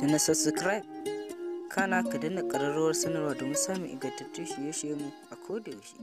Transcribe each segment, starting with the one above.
da na subscribe kana ka dana ƙararrawar sanarwa domin samun ingantattun shirye-shirye mu a kodayaushe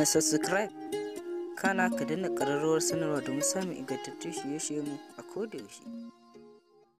na subscribe kana ka dana ƙararrawar sanarwa domin samun ingantattun shirye-shirye mu a kodayaushe